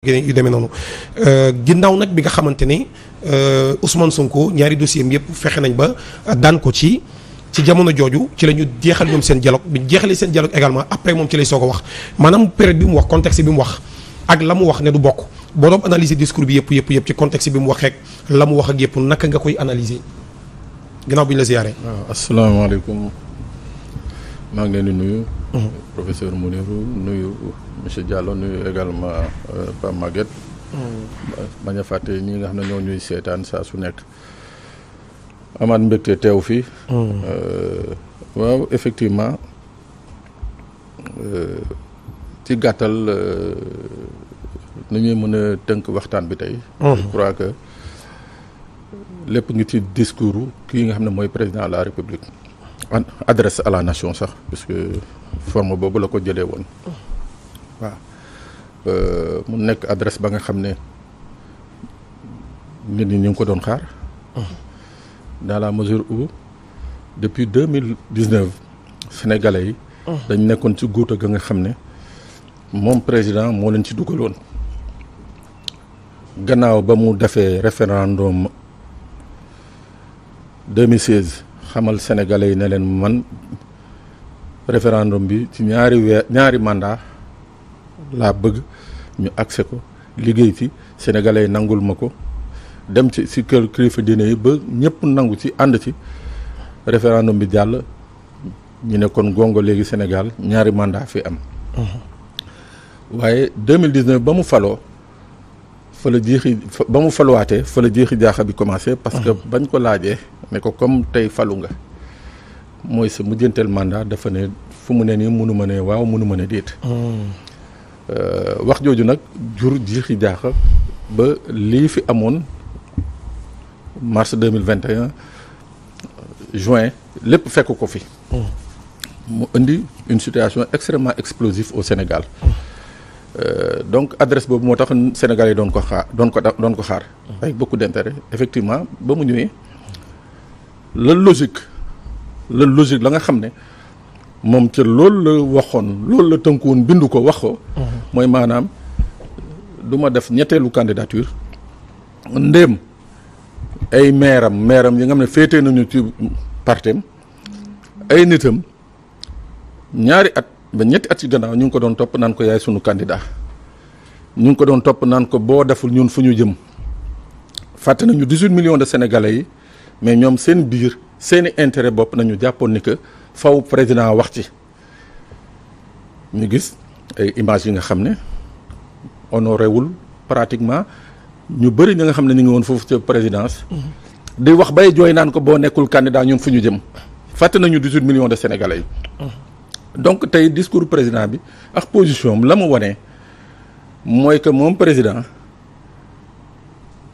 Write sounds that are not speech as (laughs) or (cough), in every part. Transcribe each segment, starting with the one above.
yu demee noonu euh, ginnaaw nag bi nga xamante ne euh, Ousmane Sonko ñaari dossier am yëpp fexe nañ ba euh, daan ko ci ci jamono jooju ci lañu jeexal ñoom seen dialogue bi jeexalee seen dialogue également après moom ci lay soo ko wax maanaam périod bi mu wax contexte bi mu wax ak la mu wax ne du bokk boo doon analyser discours bi yëpp yëpp yëpp ci contexte bi mu wax rek la mu wax ak yëpp naka nga koy analyser ginnaaw bi ñu la ziyaaree. waaw ah, asalaamaaleykum ngi leen di nuyu. Mhm. professeur Mounirou nuyu. monsieur Diallo nuyu également euh, Pape Maguette mm. bañ fàtte ñi nga xam ne ñoo ñuy seetaan saa su nekk amaat mbégte teew fii mm. euh, waaw effectivement euh, ci gàttal nañuy ñuy mën a tënk waxtaan bi tey mm. je crois que lépp ngi ci discours kii nga xam ne mooy président de la république adresse à la nation sax puisque forme boobu la ko jëlee woon waaw euh, mu nekk adresse ba nga xam ne nit ñi ñu ngi ko doon xaar. dans la mesure où depuis deux mille dix neuf sénégalais yi. dañ nekkoon ci guuta ga nga xam ne moom président moo leen ci dugaloon. gannaaw ba mu defee référendum 2016 xamal sénégalais yi ne leen man référendum bi ci ñaari weer ñaari mandat laa bëgg ñu accès ko liggéey ci sénégalais yi nangul ma ko dem ci si kër kilifa diine ba ñëpp nangu ci ànd ci référendum bi jàll ñu ne kon gongo léegi Sénégal ñaari mandat fi am. Uh-huh. waaye 2019 ba mu faloo fa la jiixi ba mu faluwaatee fa la jiixi jaaxa bi commencé. parce que uh-huh. bañ ko laajee ne ko comme tey falu nga mooy sa mujjanteel mandat dafa ne fu mu ne nii mënu ma ne waaw mënu ma ne déet. Uh-huh. Euh, wax jooju nag jur jiixi jaaxa ba lii fi amoon mars deux mille vingt et juin lépp fekk ko fi. mu indi une situation extrêmement explosive au Sénégal. Euh, donc adresse boobu moo tax Sénégalais doon ko xaar doon ko doon ko xaar. avec beaucoup d'intérêt effectivement ba mu ñëwee la logique la logique la nga xam ne. moom ca loolu la waxoon loolu la woon bindu ko wax ko. Mhm. mooy maanaam duma def ñetteelu candidature ndéem ay meeram meeram yi nga xam ne féete nañu ci partem ay nitam ñaari at ba ñetti at ci gannaaw ñu ngi ko doon topp naan ko yaay sunu candidat ñu ngi ko doon topp naan ko boo deful ñun fu ñu jëm fàtte nañu 18 million de sénégalais yi mais ñoom seen biir seeni intérêt bopp nañu jàppoon ni que. faw président wax ci ñu gis ay images yi nga xam ne honoré wul pratiquement ñu bëri ñi nga xam ne ñu ngi woon foofu ci présidence. Mm-hmm. di wax bay jooy naan ko boo nekkul candidat ñun fu ñu jëm. fàtte nañu 18 millions de sénégalais yi. Mm-hmm. donc tey discours président bi ak position la mu wane mooy que moom président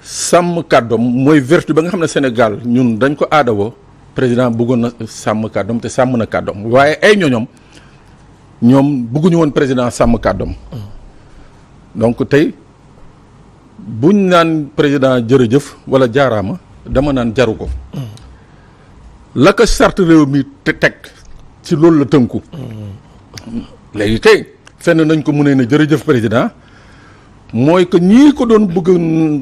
sàmm kàddoom mooy vertu ba nga xam ne Sénégal ñun dañ ko aadawoo. président bëggoon na sàmm kàddoom te sàmm na kàddoom waaye ay ñooñoom ñoom bëgguñu woon président sàmm kàddoom donc tey buñ naan président jërëjëf wala jaaraama dama naan jaru ko la ko sart réew mi te teg ci loolu la tënku mm. léegi kay fenn nañ ko mu ne na jërëjëf président mooy que ñii ko doon bëgg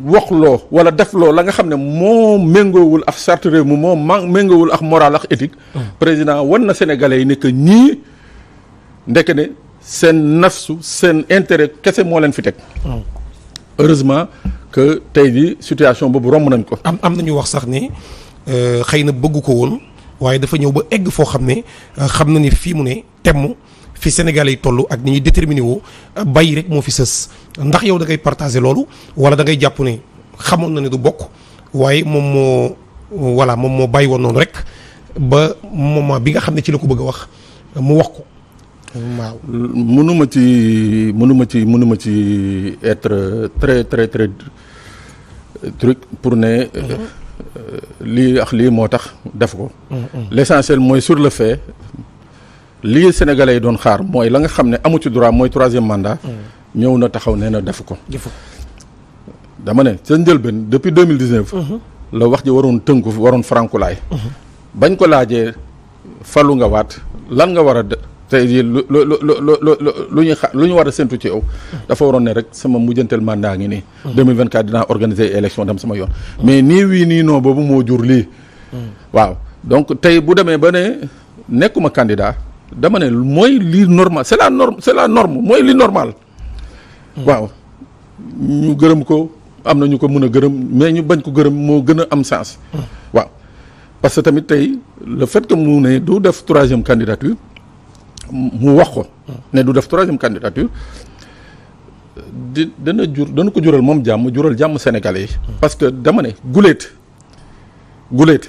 wax loo wala def loo la nga xam ne moo méngoowul ak charte mu mi moo ma méngoowul ak moral ak éthique hmm. président wan na sénégalais yi ne que ñii ndeke ne seen nafsu seen intérêt kese moo leen fi teg hmm. heureusement que tey jii situation boobu romb nañ ko am am nañu wax sax ni euh, xëy na bëgg ko woon waaye dafa ñëw ba egg foo xam ne euh, xam na ni fii mu ne temm fi Sénégal yi toll ak ni ñu déterminé woo bàyyi rek moo fi sës ndax yow da ngay partagé loolu wala da ngay jàpp ne xamoon na ne du bokk waaye moom moo voilà moom moo bàyyi woon noonu rek ba moment bi nga xam ne ci la ko bëgg a wax mu wax ko waaw mënuma ci mënuma ci mënuma ci être très très très truc pour ne mhm. euh, lii ak lii moo tax def ko mhm, mhm. l'essentiel mooy sur le fait li Sénégalais yi doon xaar mooy la nga xam ne amu ci droit mooy troisième mandat. Mm. ñëw na taxaw nee na def ko. dama ne sa njëlbeen depuis deux mille dix neuf. Mm-hmm. la wax ji waroon tënku waroon farankulaay. Mm-hmm. bañ ko laajee falu nga waat lan nga war a tey jii lu lu lu lu ñuy xa lu ñu war a séntu ci yow. Mm-hmm. dafa waroon ne rek sama mujjanteel mandat ngi nii. 2024 dinaa organiser élection dem sama yoon. mais nii wii nii non boobu moo jur lii. waaw donc tey bu demee ba ne nekkuma candidat. dama ne mooy li normal c'est la norme c'est la norme mooy li normal. waaw ñu gërëm ko am na ñu ko mën a gërëm mais ñu bañ ko gërëm moo gën a am sens. waaw parce que tamit tey le fait que mu ne du def troisième candidature mu wax ko. ne du def troisième candidature di dana jur dana ko jural moom jàmm jural jàmm sénégalais yi. parce que dama ne guléet guléet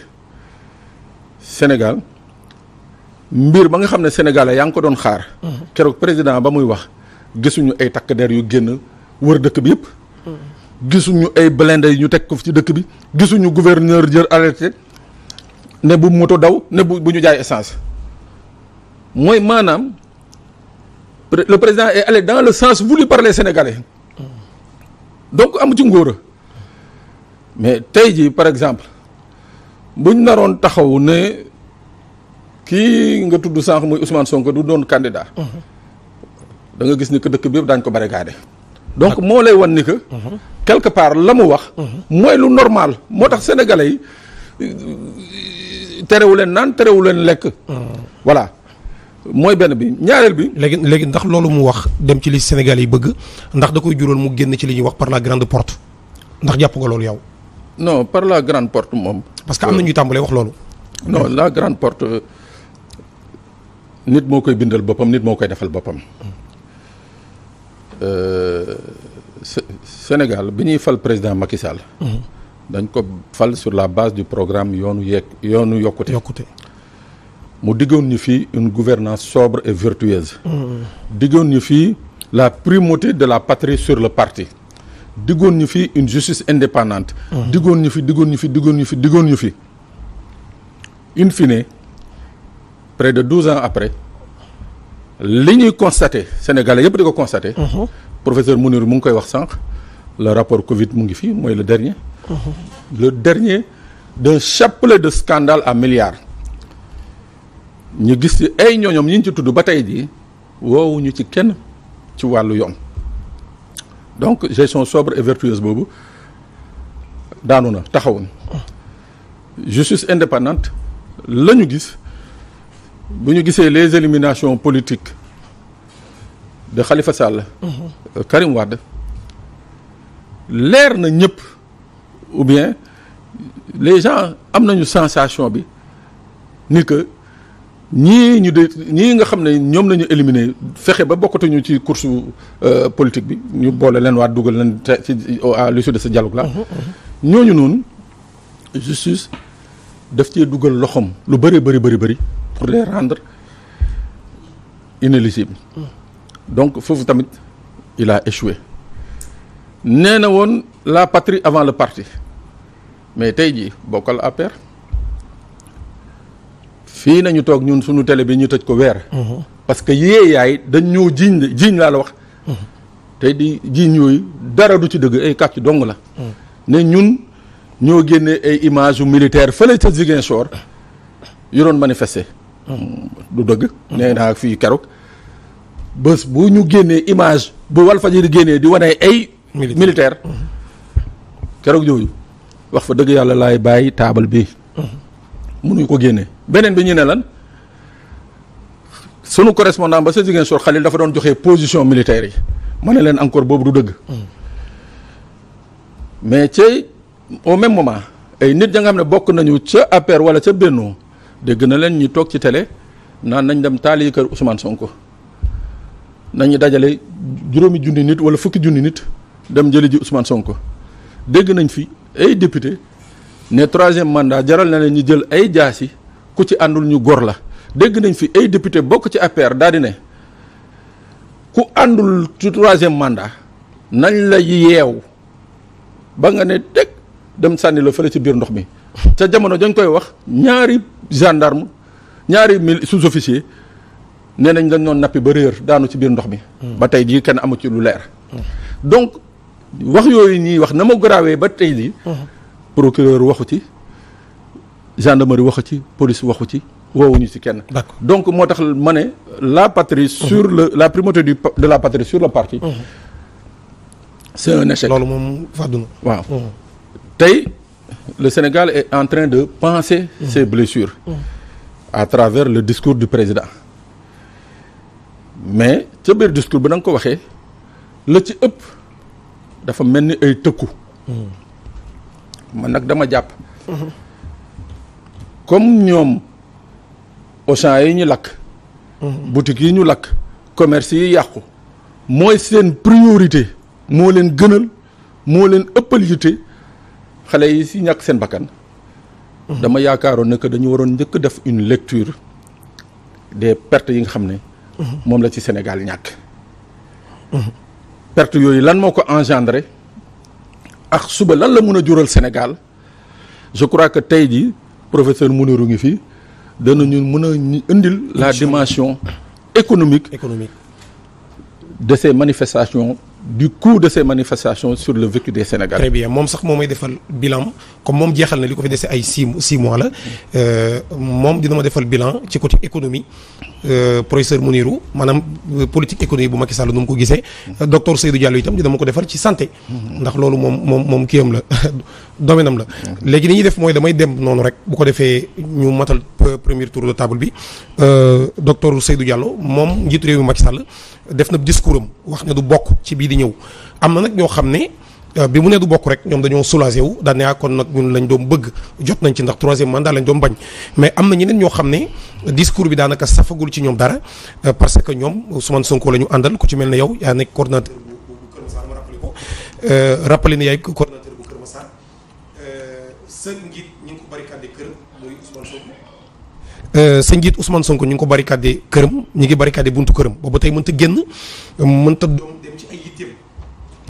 Sénégal. mbir ba nga xam ne sénégalais yaa ngi ko doon xaar. Mhm. keroog président ba muy wax gisuñu ay takk der yu génn wër dëkk bi yëpp. Mhm. gisuñu ay blindé yu ñu teg ko ci dëkk bi gisuñu gouverneur jër alerte ne bu moto daw ne bu bu ñu jaay essence mooy maanaam le président est allé dans le sens voulu par les sénégalais mhm. donc am ci ngóora mais tey jii par exemple buñ naroon taxaw ne. kii nga tudd sànq muy Ousmane sonk du doon candidat. da nga gis ni que dëkk bi yëpp daañu ko barricadé. donc moo lay wan ni que. quelque part la mu wax. mooy lu normal moo tax sénégalais yi terewu leen naan terewu leen lekk. voilà. mooy benn bi ñaareel bi. léegi léegi ndax loolu mu wax dem ci li Sénégal yi bëgg ndax da koy jural mu génn ci li ñuy wax par la grande porte ndax jàpp nga loolu yow. no par la grande porte moom. parce que am na ñuy tàmbalee wax loolu. nit moo koy bindal boppam nit moo koy defal boppam euh, Sénégal bi ñuy fal président Macky mhm. dañ ko fal sur la base du programme yoonu yeeg yoonu yokkute yokkute mu diggoon ñu fii une gouvernance sobre et vertueuse mhm. diggoon ñu fii la primauté de la patrie sur le parti diggoon ñu fii une justice indépendante mhm. diggoon ñu fi diggoon ñu fi diggoon ñu fi diggoon ñu fi in fine près de douze ans après li ñuy constaté Sénégalais yëpp di ko constaté. Mhm. professeur Mounir mu ngi koy wax sànq la rapport Covid mu ngi fii mooy le dernier. Mhm. le dernier d'un chapelet de scandale à milliards. ñu gis ci ay ñooñoom ñi ñu ci tudd ba tey jii woowuñu ci kenn ci wàllu yoon donc gestion sobre et vertueuse boobu daanu na taxawoon mhm. justice indépendante la gis. bu ñu gisee les éliminations politiques de Khalifa Sall. Mmh. Karim Wade leer na ñëpp ou bien les gens am nañu sensation bi ni que ñii ñu de ñii nga xam ne ñoom nañu éliminer fexe ba bokkatuñu ci course euh, politique bi ñu boole leen waa dugal leen ci à l'issue de ce dialogue là mhm, mhm. ñooñu noonu justice def cee dugal loxom lu bëri bëri bëri bëri pour les rendre inéligibles donc foofu tamit il a échoué na woon la patrie avant le parti mais tey jii bokkal APR fii nañu toog ñun suñu télé bi ñu tëj ko weer mhm. parce que yee yaay dañ ñoo jiiñ laa la wax mhm. tey di jiiñ yooyu dara du ci dëgg ay kàcc dong la mhm. ne ñun ñoo génnee ay image yu militaire fële ca Ziguinchor yu doon manifester du dëgg. nee naa fii keroog bës bu ñu génnee image bu Walfadjri génnee di wane ay. militaire keroog jooju wax fa dëgg yàlla laay bàyyi taabal bi. mënuñ ko génnee beneen bi ñu ne lan sunu correspondant ba sa Ziguinchor Khalil dafa doon joxe position militaire yi ma ne leen encore boobu du dëgg. mais ci au même moment ay nit ña nga xam ne bokk nañu ca APR wala ca Benno dégg na leen ñu toog ci tele naan nañ dem taali kër Ousmane Sonko nañu dajale juróomi junni nit wala fukki junni nit dem jëli ji Ousmane Sonko dégg nañ fi ay député ne troisième mandat jaral na leen ñu jël ay jaasi ku ci àndul ñu gor la dégg nañ fi ay député bokk ci APR daal di ne ku àndul ci troisième mandat nañ la yeew ba nga ne teg dem sànni la fële ci biir ndox mi. ca jamono dañ koy wax ñaari gendarme ñaari mil sous-officier nee nañ dañ doon nappi ba réer daanu ci biir ndox mi. Hmm. ba tey jii kenn amu ci lu leer. Hmm. donc wax yooyu ñuy wax na ma garaawee ba tey li hmm. procureur waxu ci gendarmerie waxu ci police waxu ci woowuñu ci kenn. donc moo tax ma ne la patrie. sur le la primauté du de la patrie sur le parti. c'est un échec loolu moom fàddu na waaw tey. le Sénégal est en de panser mmh. ses mm. à travers le discours du président mais ca biir discours bi na ko waxee la ci ëpp dafa mel ni ay tëkku mm. man nag dama jàpp mm-hmm. comme ñoom Auchan yi ñu lakk mm-hmm. boutique yi ñu lakk commerce yi yàqu mooy seen priorité moo leen gënal moo leen ëppal xale yi si ñàkk seen bakkan mhm. dama yaakaaroon ne que dañu waroon njëkk def une lecture des perte yi nga xam ne mhm. moom la ci Sénégal ñàkk mhm. perte yooyu lan moo ko engendré ak suba lan la mun a jural Sénégal je crois que tey jii professeur Mouniru ngi fii fi ñu mun a indil la dimension économique économique de ces manifestations du coût de ces sur le vécu des Sénégalais. très bien moom sax moom may defal bilan comme moom jeexal na li ko fi dese ay six six mois la euh, moom dina ma defal bilan ci côté économie euh, professeur Mounirou maanaam euh, politique économique bu Macky Sall nu mu ko gisee. docteur Seydou Diallo itam dina ma ko defal ci santé. ndax loolu moom moom moom kii am la (laughs) domaine am la. léegi li ñuy def mooy damay dem noonu rek bu ko defee ñu matal première tour de table bi docteur Seydou jàllo moom njiitu réew mi Macky def na discours am wax ne du bokk ci biir di ñëw am na nag ñoo xam ne euh, bi mu ne du bokk rek ñoom dañoo soulagé wu daan ah, kon nag ñun lañ doom bëgg jot nañ ci ndax troisième mandat lañ doom bañ mais am na ñeneen ñoo xam ne discours bi daanaka safagul ci ñoom dara euh, parce que ñoom Ousmane Sonko la ñu àndal ku ci mel ne yow yaa nekk coordonnateur bu Kër ko euh, rappelé ne yaay coordonnateur bu Kër Massar sa njiit ñu ngi ko barricadé Euh, sa njiit Ousmane Sonko ñu ngi ko barricadé këram ñu ngi barricadé buntu këram boobu tey mënta génn mënta